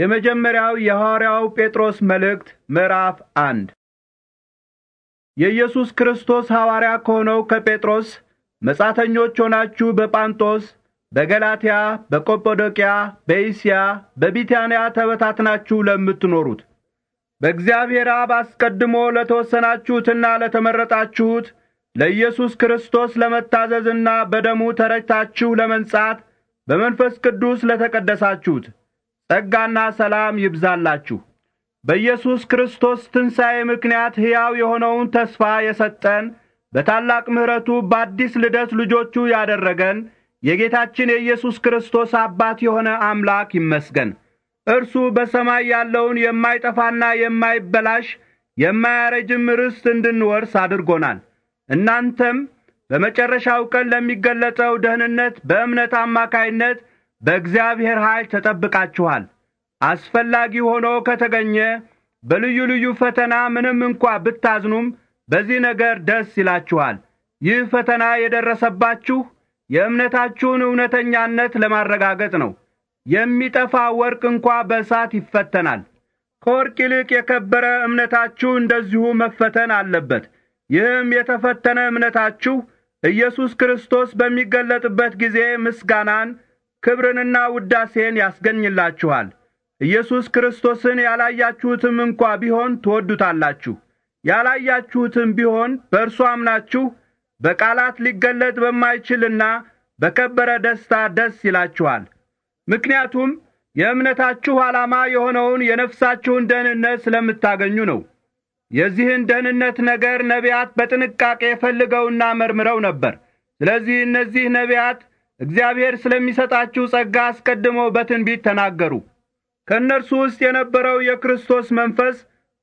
የመጀመሪያው የሐዋርያው ጴጥሮስ መልእክት ምዕራፍ አንድ የኢየሱስ ክርስቶስ ሐዋርያ ከሆነው ከጴጥሮስ መጻተኞች ሆናችሁ በጳንጦስ፣ በገላትያ፣ በቆጶዶቅያ፣ በኢስያ፣ በቢታንያ ተበታትናችሁ ለምትኖሩት በእግዚአብሔር አብ አስቀድሞ ለተወሰናችሁትና ለተመረጣችሁት ለኢየሱስ ክርስቶስ ለመታዘዝና በደሙ ተረጭታችሁ ለመንጻት በመንፈስ ቅዱስ ለተቀደሳችሁት ጸጋና ሰላም ይብዛላችሁ። በኢየሱስ ክርስቶስ ትንሣኤ ምክንያት ሕያው የሆነውን ተስፋ የሰጠን በታላቅ ምሕረቱ በአዲስ ልደት ልጆቹ ያደረገን የጌታችን የኢየሱስ ክርስቶስ አባት የሆነ አምላክ ይመስገን። እርሱ በሰማይ ያለውን የማይጠፋና የማይበላሽ የማያረጅም ርስት እንድንወርስ አድርጎናል። እናንተም በመጨረሻው ቀን ለሚገለጠው ደህንነት በእምነት አማካይነት በእግዚአብሔር ኃይል ተጠብቃችኋል። አስፈላጊ ሆኖ ከተገኘ በልዩ ልዩ ፈተና ምንም እንኳ ብታዝኑም በዚህ ነገር ደስ ይላችኋል። ይህ ፈተና የደረሰባችሁ የእምነታችሁን እውነተኛነት ለማረጋገጥ ነው። የሚጠፋ ወርቅ እንኳ በእሳት ይፈተናል። ከወርቅ ይልቅ የከበረ እምነታችሁ እንደዚሁ መፈተን አለበት። ይህም የተፈተነ እምነታችሁ ኢየሱስ ክርስቶስ በሚገለጥበት ጊዜ ምስጋናን ክብርንና ውዳሴን ያስገኝላችኋል። ኢየሱስ ክርስቶስን ያላያችሁትም እንኳ ቢሆን ትወዱታላችሁ። ያላያችሁትም ቢሆን በእርሱ አምናችሁ በቃላት ሊገለጥ በማይችልና በከበረ ደስታ ደስ ይላችኋል። ምክንያቱም የእምነታችሁ ዓላማ የሆነውን የነፍሳችሁን ደህንነት ስለምታገኙ ነው። የዚህን ደህንነት ነገር ነቢያት በጥንቃቄ ፈልገውና መርምረው ነበር። ስለዚህ እነዚህ ነቢያት እግዚአብሔር ስለሚሰጣችሁ ጸጋ አስቀድመው በትንቢት ተናገሩ። ከእነርሱ ውስጥ የነበረው የክርስቶስ መንፈስ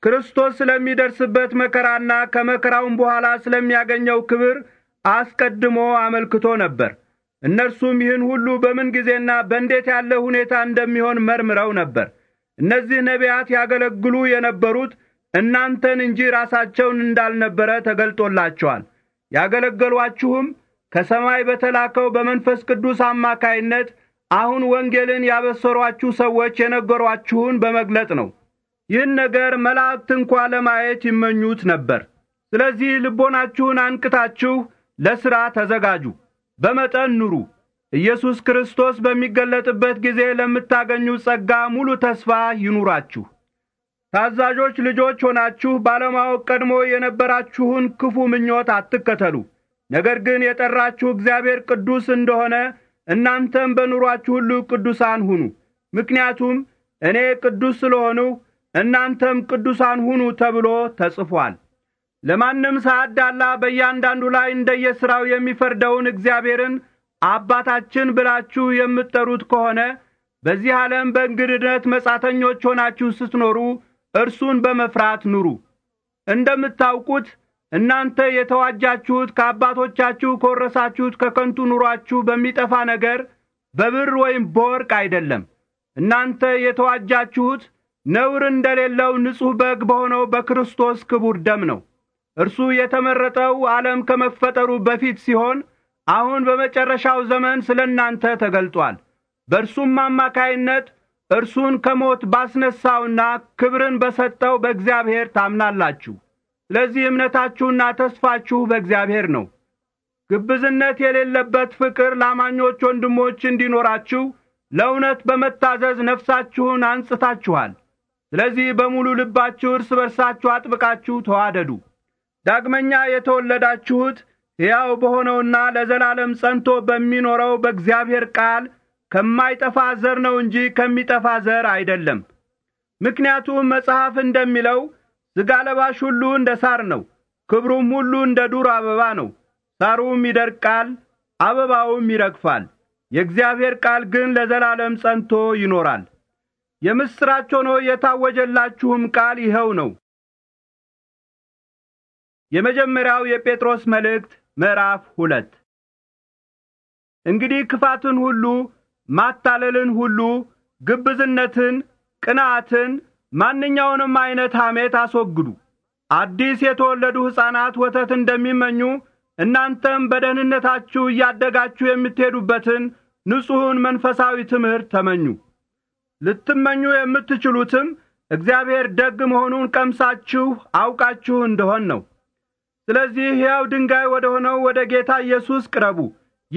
ክርስቶስ ስለሚደርስበት መከራና ከመከራውም በኋላ ስለሚያገኘው ክብር አስቀድሞ አመልክቶ ነበር። እነርሱም ይህን ሁሉ በምን ጊዜና በእንዴት ያለ ሁኔታ እንደሚሆን መርምረው ነበር። እነዚህ ነቢያት ያገለግሉ የነበሩት እናንተን እንጂ ራሳቸውን እንዳልነበረ ተገልጦላቸዋል። ያገለገሏችሁም ከሰማይ በተላከው በመንፈስ ቅዱስ አማካይነት አሁን ወንጌልን ያበሰሯችሁ ሰዎች የነገሯችሁን በመግለጥ ነው። ይህን ነገር መላእክት እንኳ ለማየት ይመኙት ነበር። ስለዚህ ልቦናችሁን አንቅታችሁ ለሥራ ተዘጋጁ፣ በመጠን ኑሩ። ኢየሱስ ክርስቶስ በሚገለጥበት ጊዜ ለምታገኙ ጸጋ ሙሉ ተስፋ ይኑራችሁ። ታዛዦች ልጆች ሆናችሁ ባለማወቅ ቀድሞ የነበራችሁን ክፉ ምኞት አትከተሉ። ነገር ግን የጠራችሁ እግዚአብሔር ቅዱስ እንደሆነ እናንተም በኑሯችሁ ሁሉ ቅዱሳን ሁኑ። ምክንያቱም እኔ ቅዱስ ስለሆንሁ እናንተም ቅዱሳን ሁኑ ተብሎ ተጽፏል። ለማንም ሳያዳላ በእያንዳንዱ ላይ እንደየሥራው የሚፈርደውን እግዚአብሔርን አባታችን ብላችሁ የምትጠሩት ከሆነ በዚህ ዓለም በእንግድነት መጻተኞች ሆናችሁ ስትኖሩ እርሱን በመፍራት ኑሩ። እንደምታውቁት እናንተ የተዋጃችሁት ከአባቶቻችሁ ከወረሳችሁት ከከንቱ ኑሯችሁ በሚጠፋ ነገር በብር ወይም በወርቅ አይደለም። እናንተ የተዋጃችሁት ነውር እንደሌለው ንጹሕ በግ በሆነው በክርስቶስ ክቡር ደም ነው። እርሱ የተመረጠው ዓለም ከመፈጠሩ በፊት ሲሆን አሁን በመጨረሻው ዘመን ስለ እናንተ ተገልጧል። በእርሱም አማካይነት እርሱን ከሞት ባስነሳውና ክብርን በሰጠው በእግዚአብሔር ታምናላችሁ። ለዚህ እምነታችሁና ተስፋችሁ በእግዚአብሔር ነው። ግብዝነት የሌለበት ፍቅር ላማኞች ወንድሞች እንዲኖራችሁ ለእውነት በመታዘዝ ነፍሳችሁን አንጽታችኋል። ስለዚህ በሙሉ ልባችሁ እርስ በርሳችሁ አጥብቃችሁ ተዋደዱ። ዳግመኛ የተወለዳችሁት ሕያው በሆነውና ለዘላለም ጸንቶ በሚኖረው በእግዚአብሔር ቃል ከማይጠፋ ዘር ነው እንጂ ከሚጠፋ ዘር አይደለም። ምክንያቱም መጽሐፍ እንደሚለው ሥጋ ለባሽ ሁሉ እንደ ሳር ነው፣ ክብሩም ሁሉ እንደ ዱር አበባ ነው። ሳሩም ይደርቃል፣ አበባውም ይረግፋል፣ የእግዚአብሔር ቃል ግን ለዘላለም ጸንቶ ይኖራል። የምሥራች ሆኖ የታወጀላችሁም ቃል ይኸው ነው። የመጀመሪያው የጴጥሮስ መልእክት ምዕራፍ ሁለት እንግዲህ ክፋትን ሁሉ ማታለልን ሁሉ ግብዝነትን፣ ቅንዓትን፣ ማንኛውንም አይነት ሐሜት አስወግዱ። አዲስ የተወለዱ ሕፃናት ወተት እንደሚመኙ እናንተም በደህንነታችሁ እያደጋችሁ የምትሄዱበትን ንጹሕን መንፈሳዊ ትምህርት ተመኙ። ልትመኙ የምትችሉትም እግዚአብሔር ደግ መሆኑን ቀምሳችሁ አውቃችሁ እንደሆን ነው። ስለዚህ ሕያው ድንጋይ ወደ ሆነው ወደ ጌታ ኢየሱስ ቅረቡ።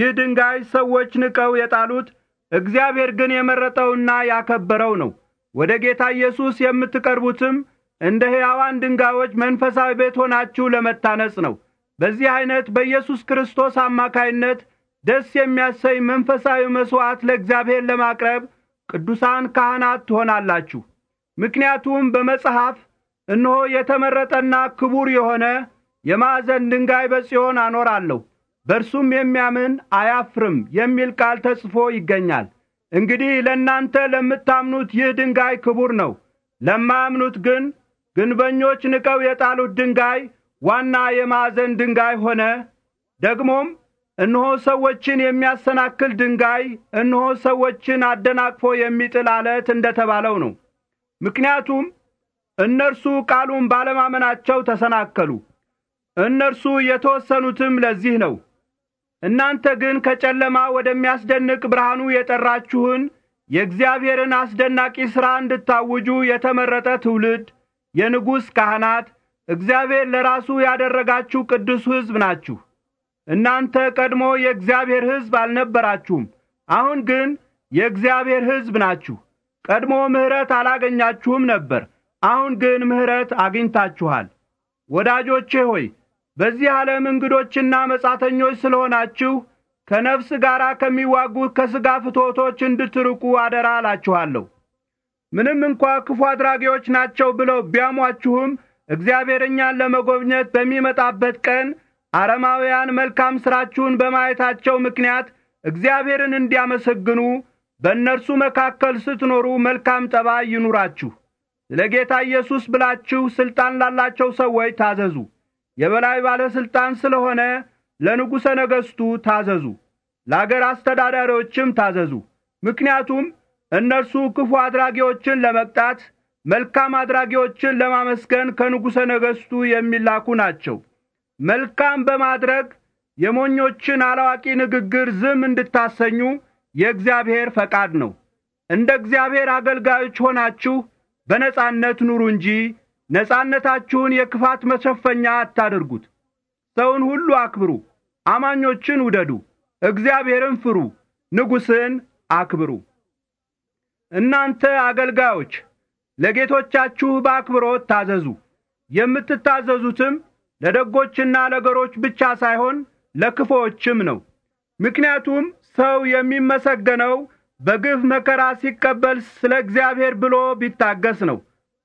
ይህ ድንጋይ ሰዎች ንቀው የጣሉት፣ እግዚአብሔር ግን የመረጠውና ያከበረው ነው። ወደ ጌታ ኢየሱስ የምትቀርቡትም እንደ ሕያዋን ድንጋዮች መንፈሳዊ ቤት ሆናችሁ ለመታነጽ ነው። በዚህ ዐይነት በኢየሱስ ክርስቶስ አማካይነት ደስ የሚያሰኝ መንፈሳዊ መሥዋዕት ለእግዚአብሔር ለማቅረብ ቅዱሳን ካህናት ትሆናላችሁ። ምክንያቱም በመጽሐፍ እነሆ የተመረጠና ክቡር የሆነ የማዕዘን ድንጋይ በጽዮን አኖራለሁ፣ በእርሱም የሚያምን አያፍርም የሚል ቃል ተጽፎ ይገኛል። እንግዲህ ለእናንተ ለምታምኑት ይህ ድንጋይ ክቡር ነው። ለማያምኑት ግን ግንበኞች ንቀው የጣሉት ድንጋይ ዋና የማዕዘን ድንጋይ ሆነ። ደግሞም እነሆ ሰዎችን የሚያሰናክል ድንጋይ፣ እነሆ ሰዎችን አደናቅፎ የሚጥል አለት እንደተባለው ነው። ምክንያቱም እነርሱ ቃሉን ባለማመናቸው ተሰናከሉ። እነርሱ የተወሰኑትም ለዚህ ነው። እናንተ ግን ከጨለማ ወደሚያስደንቅ ብርሃኑ የጠራችሁን የእግዚአብሔርን አስደናቂ ሥራ እንድታውጁ የተመረጠ ትውልድ፣ የንጉሥ ካህናት፣ እግዚአብሔር ለራሱ ያደረጋችሁ ቅዱስ ሕዝብ ናችሁ። እናንተ ቀድሞ የእግዚአብሔር ሕዝብ አልነበራችሁም፣ አሁን ግን የእግዚአብሔር ሕዝብ ናችሁ። ቀድሞ ምሕረት አላገኛችሁም ነበር፣ አሁን ግን ምሕረት አግኝታችኋል። ወዳጆቼ ሆይ በዚህ ዓለም እንግዶችና መጻተኞች ስለሆናችሁ ከነፍስ ጋር ከሚዋጉ ከሥጋ ፍቶቶች እንድትርቁ አደራ አላችኋለሁ። ምንም እንኳ ክፉ አድራጊዎች ናቸው ብለው ቢያሟችሁም እግዚአብሔር እኛን ለመጎብኘት በሚመጣበት ቀን አረማውያን መልካም ሥራችሁን በማየታቸው ምክንያት እግዚአብሔርን እንዲያመሰግኑ በእነርሱ መካከል ስትኖሩ መልካም ጠባይ ይኑራችሁ። ስለ ጌታ ኢየሱስ ብላችሁ ሥልጣን ላላቸው ሰዎች ታዘዙ። የበላይ ባለስልጣን ስለሆነ ለንጉሠ ነገሥቱ ታዘዙ፣ ለአገር አስተዳዳሪዎችም ታዘዙ። ምክንያቱም እነርሱ ክፉ አድራጊዎችን ለመቅጣት መልካም አድራጊዎችን ለማመስገን ከንጉሠ ነገሥቱ የሚላኩ ናቸው። መልካም በማድረግ የሞኞችን አላዋቂ ንግግር ዝም እንድታሰኙ የእግዚአብሔር ፈቃድ ነው። እንደ እግዚአብሔር አገልጋዮች ሆናችሁ በነጻነት ኑሩ እንጂ ነጻነታችሁን የክፋት መሸፈኛ አታድርጉት። ሰውን ሁሉ አክብሩ፣ አማኞችን ውደዱ፣ እግዚአብሔርን ፍሩ፣ ንጉሥን አክብሩ። እናንተ አገልጋዮች ለጌቶቻችሁ በአክብሮት ታዘዙ። የምትታዘዙትም ለደጎችና ለገሮች ብቻ ሳይሆን ለክፎችም ነው። ምክንያቱም ሰው የሚመሰገነው በግፍ መከራ ሲቀበል ስለ እግዚአብሔር ብሎ ቢታገስ ነው።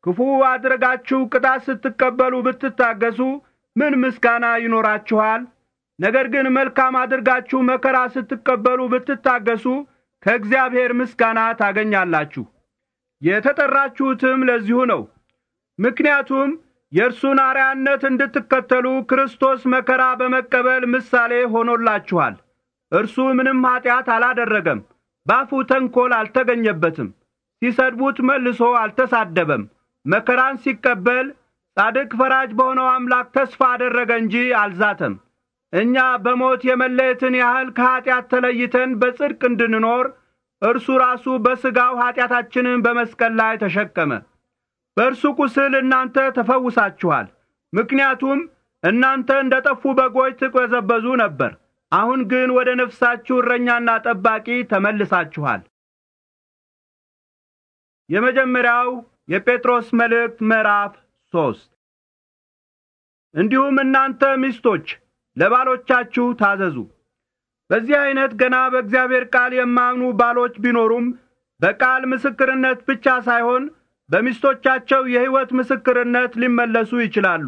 ክፉ አድርጋችሁ ቅጣት ስትቀበሉ ብትታገሱ ምን ምስጋና ይኖራችኋል? ነገር ግን መልካም አድርጋችሁ መከራ ስትቀበሉ ብትታገሱ ከእግዚአብሔር ምስጋና ታገኛላችሁ። የተጠራችሁትም ለዚሁ ነው። ምክንያቱም የእርሱን አርያነት እንድትከተሉ ክርስቶስ መከራ በመቀበል ምሳሌ ሆኖላችኋል። እርሱ ምንም ኀጢአት አላደረገም፣ ባፉ ተንኰል አልተገኘበትም፣ ሲሰድቡት መልሶ አልተሳደበም። መከራን ሲቀበል ጻድቅ ፈራጅ በሆነው አምላክ ተስፋ አደረገ እንጂ አልዛተም። እኛ በሞት የመለየትን ያህል ከኀጢአት ተለይተን በጽድቅ እንድንኖር እርሱ ራሱ በሥጋው ኀጢአታችንን በመስቀል ላይ ተሸከመ። በእርሱ ቁስል እናንተ ተፈውሳችኋል። ምክንያቱም እናንተ እንደ ጠፉ በጎች ትቅበዘበዙ ነበር። አሁን ግን ወደ ነፍሳችሁ እረኛና ጠባቂ ተመልሳችኋል። የመጀመሪያው የጴጥሮስ መልእክት ምዕራፍ ሶስት እንዲሁም እናንተ ሚስቶች ለባሎቻችሁ ታዘዙ። በዚህ አይነት ገና በእግዚአብሔር ቃል የማያምኑ ባሎች ቢኖሩም በቃል ምስክርነት ብቻ ሳይሆን በሚስቶቻቸው የሕይወት ምስክርነት ሊመለሱ ይችላሉ።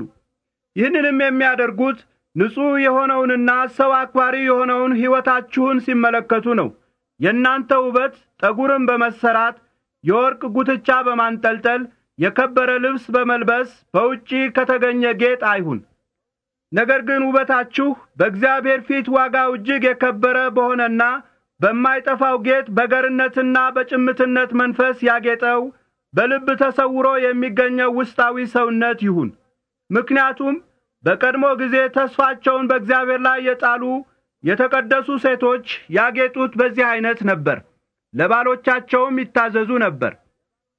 ይህንንም የሚያደርጉት ንጹሕ የሆነውንና ሰው አክባሪ የሆነውን ሕይወታችሁን ሲመለከቱ ነው። የእናንተ ውበት ጠጉርን በመሰራት የወርቅ ጉትቻ በማንጠልጠል የከበረ ልብስ በመልበስ በውጪ ከተገኘ ጌጥ አይሁን። ነገር ግን ውበታችሁ በእግዚአብሔር ፊት ዋጋው እጅግ የከበረ በሆነና በማይጠፋው ጌጥ በገርነትና በጭምትነት መንፈስ ያጌጠው በልብ ተሰውሮ የሚገኘው ውስጣዊ ሰውነት ይሁን። ምክንያቱም በቀድሞ ጊዜ ተስፋቸውን በእግዚአብሔር ላይ የጣሉ የተቀደሱ ሴቶች ያጌጡት በዚህ አይነት ነበር። ለባሎቻቸውም ይታዘዙ ነበር።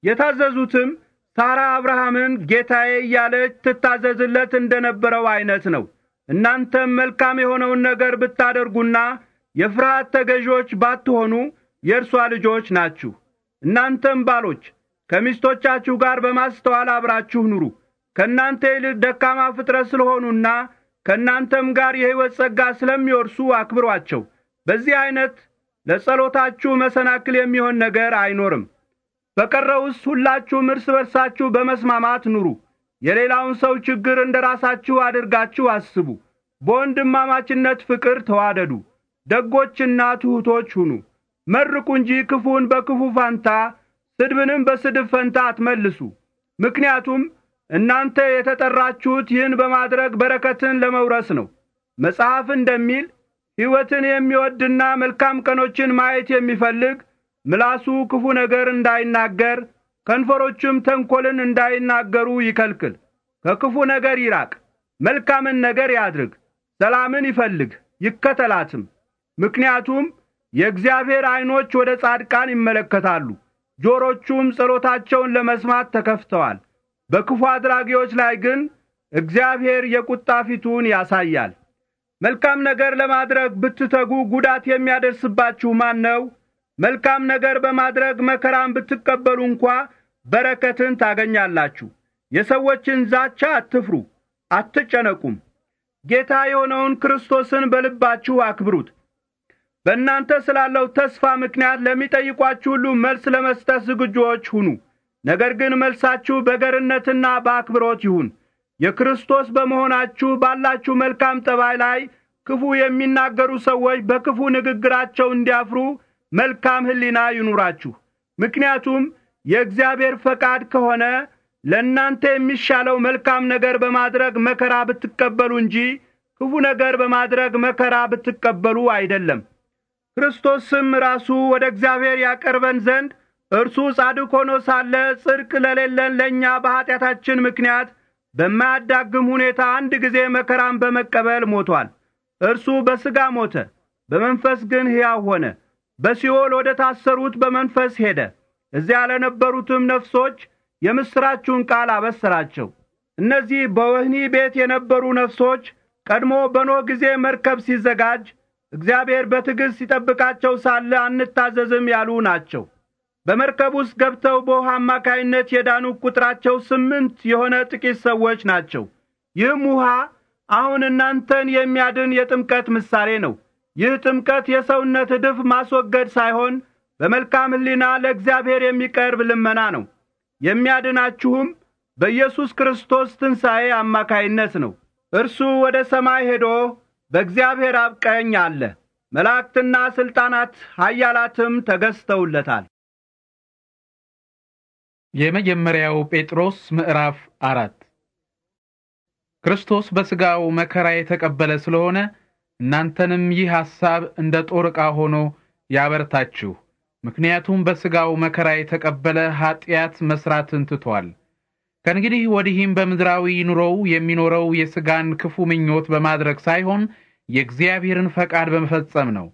የታዘዙትም ሳራ አብርሃምን ጌታዬ እያለች ትታዘዝለት እንደነበረው አይነት ነው። እናንተም መልካም የሆነውን ነገር ብታደርጉና የፍርሃት ተገዢዎች ባትሆኑ የእርሷ ልጆች ናችሁ። እናንተም ባሎች ከሚስቶቻችሁ ጋር በማስተዋል አብራችሁ ኑሩ። ከእናንተ ይልቅ ደካማ ፍጥረት ስለሆኑና ከእናንተም ጋር የሕይወት ጸጋ ስለሚወርሱ አክብሯቸው። በዚህ ዐይነት ለጸሎታችሁ መሰናክል የሚሆን ነገር አይኖርም። በቀረውስ ሁላችሁም እርስ በርሳችሁ በመስማማት ኑሩ። የሌላውን ሰው ችግር እንደ ራሳችሁ አድርጋችሁ አስቡ። በወንድማማችነት ፍቅር ተዋደዱ። ደጎችና ትሑቶች ሁኑ። መርቁ እንጂ ክፉን በክፉ ፋንታ፣ ስድብንም በስድብ ፈንታ አትመልሱ። ምክንያቱም እናንተ የተጠራችሁት ይህን በማድረግ በረከትን ለመውረስ ነው። መጽሐፍ እንደሚል ሕይወትን የሚወድና መልካም ቀኖችን ማየት የሚፈልግ ምላሱ ክፉ ነገር እንዳይናገር ከንፈሮቹም ተንኰልን እንዳይናገሩ ይከልክል። ከክፉ ነገር ይራቅ፣ መልካምን ነገር ያድርግ፣ ሰላምን ይፈልግ ይከተላትም። ምክንያቱም የእግዚአብሔር ዐይኖች ወደ ጻድቃን ይመለከታሉ፣ ጆሮቹም ጸሎታቸውን ለመስማት ተከፍተዋል። በክፉ አድራጊዎች ላይ ግን እግዚአብሔር የቁጣ ፊቱን ያሳያል። መልካም ነገር ለማድረግ ብትተጉ ጉዳት የሚያደርስባችሁ ማን ነው? መልካም ነገር በማድረግ መከራን ብትቀበሉ እንኳ በረከትን ታገኛላችሁ። የሰዎችን ዛቻ አትፍሩ፣ አትጨነቁም። ጌታ የሆነውን ክርስቶስን በልባችሁ አክብሩት። በእናንተ ስላለው ተስፋ ምክንያት ለሚጠይቋችሁ ሁሉ መልስ ለመስጠት ዝግጁዎች ሁኑ። ነገር ግን መልሳችሁ በገርነትና በአክብሮት ይሁን። የክርስቶስ በመሆናችሁ ባላችሁ መልካም ጠባይ ላይ ክፉ የሚናገሩ ሰዎች በክፉ ንግግራቸው እንዲያፍሩ መልካም ሕሊና ይኑራችሁ። ምክንያቱም የእግዚአብሔር ፈቃድ ከሆነ ለእናንተ የሚሻለው መልካም ነገር በማድረግ መከራ ብትቀበሉ እንጂ ክፉ ነገር በማድረግ መከራ ብትቀበሉ አይደለም። ክርስቶስም ራሱ ወደ እግዚአብሔር ያቀርበን ዘንድ እርሱ ጻድቅ ሆኖ ሳለ ጽድቅ ለሌለን ለእኛ በኀጢአታችን ምክንያት በማያዳግም ሁኔታ አንድ ጊዜ መከራን በመቀበል ሞቷል። እርሱ በሥጋ ሞተ፣ በመንፈስ ግን ሕያው ሆነ። በሲኦል ወደ ታሰሩት በመንፈስ ሄደ፣ እዚያ ለነበሩትም ነፍሶች የምሥራችሁን ቃል አበሰራቸው። እነዚህ በወህኒ ቤት የነበሩ ነፍሶች ቀድሞ በኖኅ ጊዜ መርከብ ሲዘጋጅ እግዚአብሔር በትዕግሥት ሲጠብቃቸው ሳለ አንታዘዝም ያሉ ናቸው። በመርከብ ውስጥ ገብተው በውሃ አማካይነት የዳኑ ቁጥራቸው ስምንት የሆነ ጥቂት ሰዎች ናቸው። ይህም ውሃ አሁን እናንተን የሚያድን የጥምቀት ምሳሌ ነው። ይህ ጥምቀት የሰውነት እድፍ ማስወገድ ሳይሆን በመልካም ሕሊና ለእግዚአብሔር የሚቀርብ ልመና ነው። የሚያድናችሁም በኢየሱስ ክርስቶስ ትንሣኤ አማካይነት ነው። እርሱ ወደ ሰማይ ሄዶ በእግዚአብሔር አብ ቀኝ አለ። መላእክትና ሥልጣናት ኃያላትም ተገዝተውለታል። የመጀመሪያው ጴጥሮስ ምዕራፍ አራት ክርስቶስ በስጋው መከራ የተቀበለ ስለሆነ እናንተንም ይህ ሐሳብ እንደ ጦር ዕቃ ሆኖ ያበርታችሁ። ምክንያቱም በስጋው መከራ የተቀበለ ኀጢአት መስራትን ትቷል። ከእንግዲህ ወዲህም በምድራዊ ኑሮው የሚኖረው የስጋን ክፉ ምኞት በማድረግ ሳይሆን የእግዚአብሔርን ፈቃድ በመፈጸም ነው።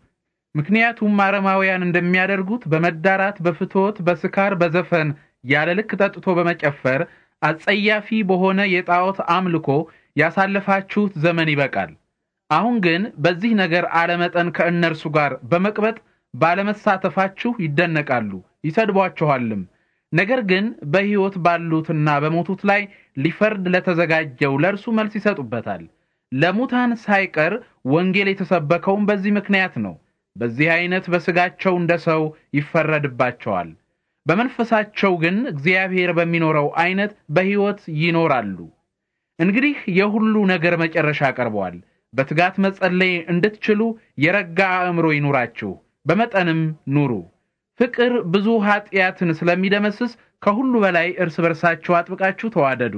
ምክንያቱም አረማውያን እንደሚያደርጉት በመዳራት፣ በፍትወት፣ በስካር፣ በዘፈን ያለ ልክ ጠጥቶ በመጨፈር አጸያፊ በሆነ የጣዖት አምልኮ ያሳለፋችሁት ዘመን ይበቃል። አሁን ግን በዚህ ነገር አለመጠን ከእነርሱ ጋር በመቅበጥ ባለመሳተፋችሁ ይደነቃሉ፣ ይሰድቧችኋልም። ነገር ግን በሕይወት ባሉትና በሞቱት ላይ ሊፈርድ ለተዘጋጀው ለእርሱ መልስ ይሰጡበታል። ለሙታን ሳይቀር ወንጌል የተሰበከውም በዚህ ምክንያት ነው። በዚህ አይነት በስጋቸው እንደ ሰው ይፈረድባቸዋል። በመንፈሳቸው ግን እግዚአብሔር በሚኖረው አይነት በሕይወት ይኖራሉ። እንግዲህ የሁሉ ነገር መጨረሻ ቀርበዋል። በትጋት መጸለይ እንድትችሉ የረጋ አእምሮ ይኑራችሁ፣ በመጠንም ኑሩ። ፍቅር ብዙ ኀጢአትን ስለሚደመስስ ከሁሉ በላይ እርስ በርሳችሁ አጥብቃችሁ ተዋደዱ።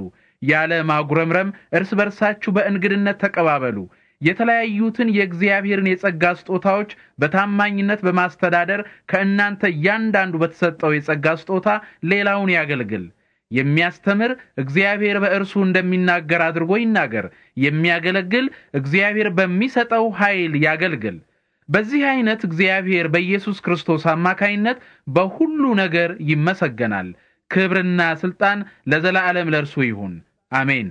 ያለ ማጉረምረም እርስ በርሳችሁ በእንግድነት ተቀባበሉ። የተለያዩትን የእግዚአብሔርን የጸጋ ስጦታዎች በታማኝነት በማስተዳደር ከእናንተ እያንዳንዱ በተሰጠው የጸጋ ስጦታ ሌላውን ያገልግል። የሚያስተምር እግዚአብሔር በእርሱ እንደሚናገር አድርጎ ይናገር። የሚያገለግል እግዚአብሔር በሚሰጠው ኃይል ያገልግል። በዚህ አይነት እግዚአብሔር በኢየሱስ ክርስቶስ አማካይነት በሁሉ ነገር ይመሰገናል። ክብርና ስልጣን ለዘላለም ለእርሱ ይሁን፣ አሜን።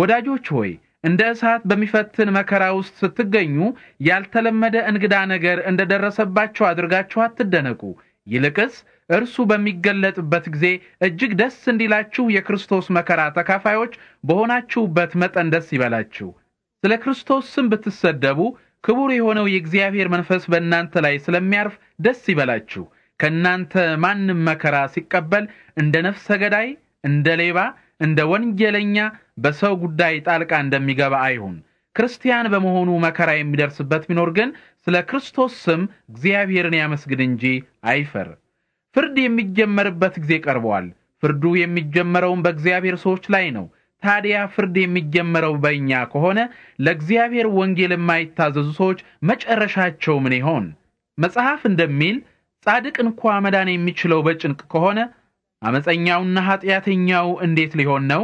ወዳጆች ሆይ እንደ እሳት በሚፈትን መከራ ውስጥ ስትገኙ ያልተለመደ እንግዳ ነገር እንደደረሰባችሁ አድርጋችሁ አትደነቁ። ይልቅስ እርሱ በሚገለጥበት ጊዜ እጅግ ደስ እንዲላችሁ የክርስቶስ መከራ ተካፋዮች በሆናችሁበት መጠን ደስ ይበላችሁ። ስለ ክርስቶስ ስም ብትሰደቡ ክቡር የሆነው የእግዚአብሔር መንፈስ በእናንተ ላይ ስለሚያርፍ ደስ ይበላችሁ። ከእናንተ ማንም መከራ ሲቀበል እንደ ነፍሰ ገዳይ፣ እንደ ሌባ፣ እንደ ወንጀለኛ በሰው ጉዳይ ጣልቃ እንደሚገባ አይሁን። ክርስቲያን በመሆኑ መከራ የሚደርስበት ቢኖር ግን ስለ ክርስቶስ ስም እግዚአብሔርን ያመስግን እንጂ አይፈር። ፍርድ የሚጀመርበት ጊዜ ቀርቧል። ፍርዱ የሚጀመረውም በእግዚአብሔር ሰዎች ላይ ነው። ታዲያ ፍርድ የሚጀመረው በእኛ ከሆነ ለእግዚአብሔር ወንጌል የማይታዘዙ ሰዎች መጨረሻቸው ምን ይሆን? መጽሐፍ እንደሚል ጻድቅ እንኳ መዳን የሚችለው በጭንቅ ከሆነ አመፀኛውና ኀጢአተኛው እንዴት ሊሆን ነው?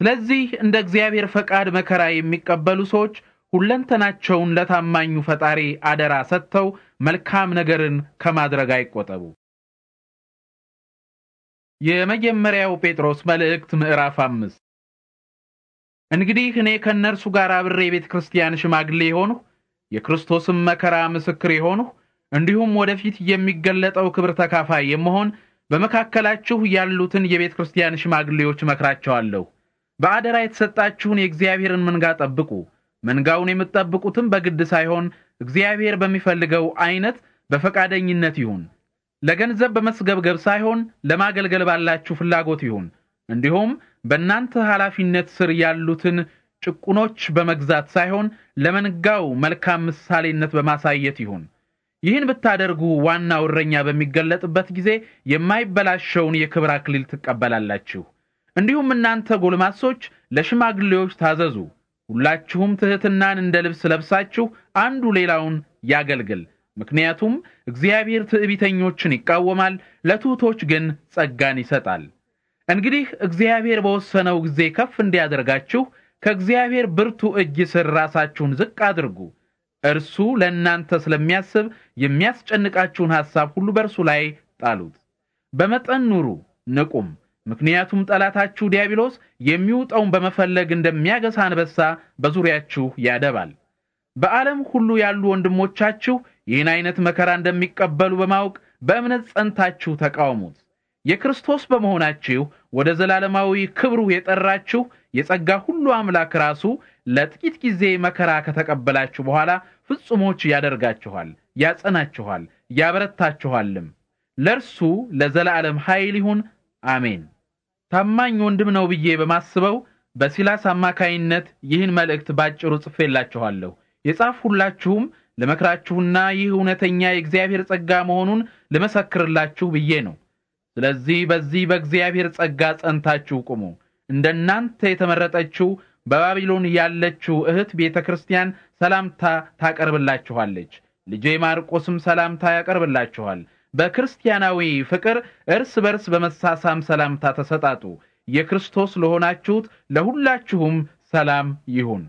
ስለዚህ እንደ እግዚአብሔር ፈቃድ መከራ የሚቀበሉ ሰዎች ሁለንተናቸውን ለታማኙ ፈጣሪ አደራ ሰጥተው መልካም ነገርን ከማድረግ አይቆጠቡ። የመጀመሪያው ጴጥሮስ መልእክት ምዕራፍ አምስት እንግዲህ እኔ ከእነርሱ ጋር አብሬ የቤተ ክርስቲያን ሽማግሌ የሆንሁ የክርስቶስም መከራ ምስክር የሆንሁ እንዲሁም ወደፊት የሚገለጠው ክብር ተካፋይ የመሆን በመካከላችሁ ያሉትን የቤተ ክርስቲያን ሽማግሌዎች መክራቸዋለሁ። በአደራ የተሰጣችሁን የእግዚአብሔርን መንጋ ጠብቁ። መንጋውን የምትጠብቁትም በግድ ሳይሆን እግዚአብሔር በሚፈልገው አይነት በፈቃደኝነት ይሁን። ለገንዘብ በመስገብገብ ሳይሆን ለማገልገል ባላችሁ ፍላጎት ይሁን። እንዲሁም በእናንተ ኃላፊነት ስር ያሉትን ጭቁኖች በመግዛት ሳይሆን ለመንጋው መልካም ምሳሌነት በማሳየት ይሁን። ይህን ብታደርጉ ዋናው እረኛ በሚገለጥበት ጊዜ የማይበላሸውን የክብር አክሊል ትቀበላላችሁ። እንዲሁም እናንተ ጎልማሶች ለሽማግሌዎች ታዘዙ። ሁላችሁም ትሕትናን እንደ ልብስ ለብሳችሁ አንዱ ሌላውን ያገልግል። ምክንያቱም እግዚአብሔር ትዕቢተኞችን ይቃወማል፣ ለትሑቶች ግን ጸጋን ይሰጣል። እንግዲህ እግዚአብሔር በወሰነው ጊዜ ከፍ እንዲያደርጋችሁ ከእግዚአብሔር ብርቱ እጅ ስር ራሳችሁን ዝቅ አድርጉ። እርሱ ለእናንተ ስለሚያስብ የሚያስጨንቃችሁን ሐሳብ ሁሉ በእርሱ ላይ ጣሉት። በመጠን ኑሩ፣ ንቁም ምክንያቱም ጠላታችሁ ዲያብሎስ የሚውጠውን በመፈለግ እንደሚያገሳ አንበሳ በዙሪያችሁ ያደባል። በዓለም ሁሉ ያሉ ወንድሞቻችሁ ይህን አይነት መከራ እንደሚቀበሉ በማወቅ በእምነት ጸንታችሁ ተቃውሙት። የክርስቶስ በመሆናችሁ ወደ ዘላለማዊ ክብሩ የጠራችሁ የጸጋ ሁሉ አምላክ ራሱ ለጥቂት ጊዜ መከራ ከተቀበላችሁ በኋላ ፍጹሞች ያደርጋችኋል፣ ያጸናችኋል፣ ያበረታችኋልም። ለእርሱ ለዘላለም ኃይል ይሁን፣ አሜን። ታማኝ ወንድም ነው ብዬ በማስበው በሲላስ አማካይነት ይህን መልእክት ባጭሩ ጽፌላችኋለሁ። የጻፍሁላችሁም ለመክራችሁና ይህ እውነተኛ የእግዚአብሔር ጸጋ መሆኑን ልመሰክርላችሁ ብዬ ነው። ስለዚህ በዚህ በእግዚአብሔር ጸጋ ጸንታችሁ ቁሙ። እንደናንተ የተመረጠችው በባቢሎን ያለችው እህት ቤተ ክርስቲያን ሰላምታ ታቀርብላችኋለች። ልጄ ማርቆስም ሰላምታ ያቀርብላችኋል። በክርስቲያናዊ ፍቅር እርስ በርስ በመሳሳም ሰላምታ ተሰጣጡ። የክርስቶስ ለሆናችሁት ለሁላችሁም ሰላም ይሁን።